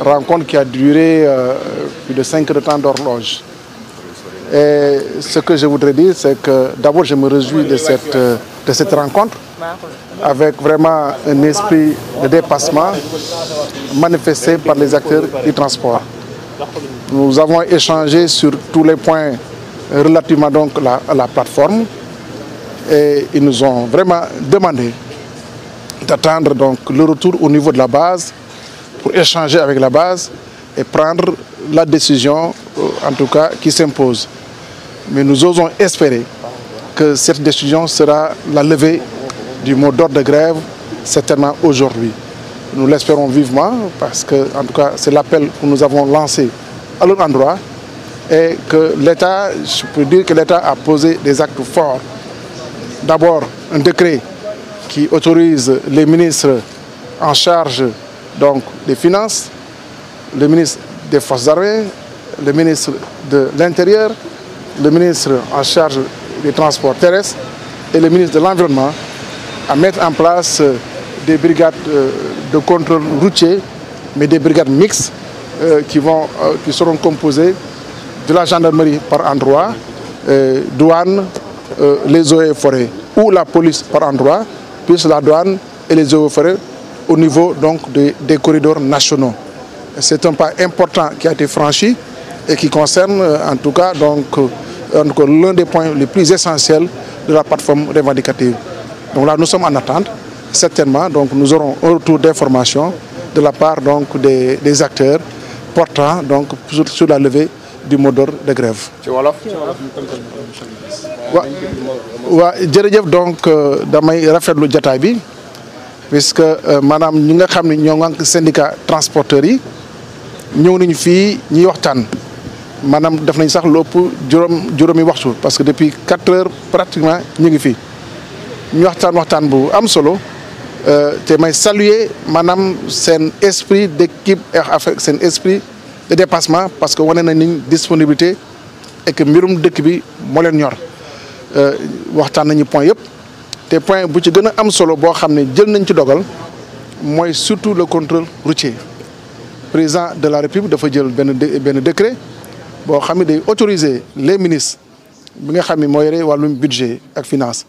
rencontre qui a duré euh, plus de cinq heures de temps d'horloge. Et ce que je voudrais dire, c'est que d'abord, je me réjouis de cette, euh, de cette rencontre avec vraiment un esprit de dépassement manifesté par les acteurs du transport. Nous avons échangé sur tous les points relativement donc la, à la plateforme et ils nous ont vraiment demandé d'attendre donc le retour au niveau de la base pour échanger avec la base et prendre la décision, euh, en tout cas, qui s'impose. Mais nous osons espérer que cette décision sera la levée du mot d'ordre de grève, certainement aujourd'hui. Nous l'espérons vivement parce que, en tout cas, c'est l'appel que nous avons lancé à leur endroit et que l'État, je peux dire que l'État a posé des actes forts. D'abord, un décret qui autorise les ministres en charge donc des Finances, le ministres des Forces armées, le ministre de l'Intérieur, le ministre en charge des transports terrestres et le ministre de l'Environnement à mettre en place euh, des brigades euh, de contrôle routier, mais des brigades mixtes euh, qui, vont, qui seront composées de la gendarmerie par endroit, douane, les eaux et forêts, ou la police par endroit, plus la douane et les eaux forêts au niveau donc des, des corridors nationaux. C'est un pas important qui a été franchi et qui concerne euh, en tout cas donc euh, l'un des points les plus essentiels de la plateforme revendicative. Donc là, nous sommes en attente. Certainement, donc nous aurons un retour d'information de la part donc des, des acteurs portant donc sur, sur la levée du mot de grève. donc euh, damay rafetlu puisque euh, maanaam ñu nga xam ne ñoo ngànk syndicat transporteurs yi ñëw nañu fii ñuy waxtaan maanaam def nañ sax lu ëpp juróom juróomi waxtu parce que depuis quatre heures pratiquement ñu ngi fii ñu waxtaan waxtaan bu am solo euh, te may saluer maanaam seen esprit d'équipe avec seen esprit de dépassement parce que wane nañ niñ disponibilité et mbirum dëkk bi moo leen ñor euh, waxtaan nañu point yëpp te point bu ci gën a am solo boo xam ne jël nañ ci dogal mooy surtout le contrôle routier président de la république dafa jël benn benn décret boo xam ne day autoriser les ministres bi nga xam ni mooy yore wàllum budget ak finance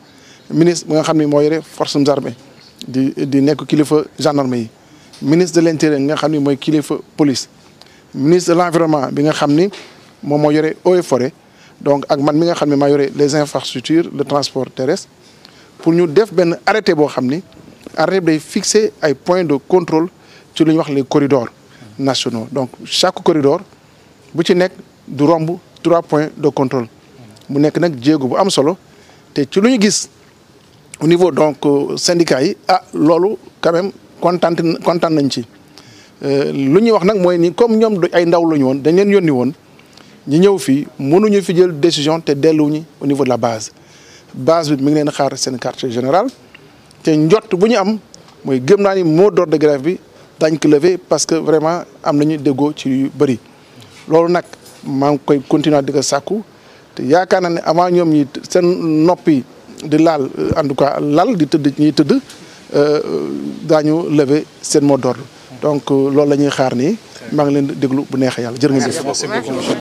ministre bi nga xam ne moo yore forces armées di di nekk kilifa gendarme yi ministre de l'intérieur nga xam ne mooy kilifa police ministre de l'environnement bi nga xam ni moom mooy yore eaux et donc ak man mi nga xam ne maa yore les infrastructures le transport terrestre pour ñu def benn arrêté boo xam ni arrêté bi day ay point de contrôle ci lu ñuy wax les corridors nationaux donc chaque corridor bu ci nekk du romb trois points de contrôle mu nekk nag jéego bu am solo te ci lu ñu gis au niveau donc euh, syndicat yi ah loolu quand même kontaan kontaan nañ ci euh, lu ñuy wax nag mooy nii comme ñoom ay ndaw la ñu woon dañ leen yónni woon ñu ñëw fii mënuñu fi jël décision te delluñu au niveau de la base base bi mi ngi leen xaar seen quartier général te njott bu ñu am mooy gëm naa ni mot d'ordre de bi daañ ko lever parce que vraiment am nañu déggoo ci yu loolu nag maa ngi koy continuer di ko sàkku te yaakaar naa ne avant ñoom ñi seen noppi di laal en tout cas lal di tëdd ñuy tëdd euh, daañu lever seen mot d'ordre donc euh, loolu la ñuy xaar nii maa ngi leen déglu bu neex neexee yàlla jërë ngeen jëf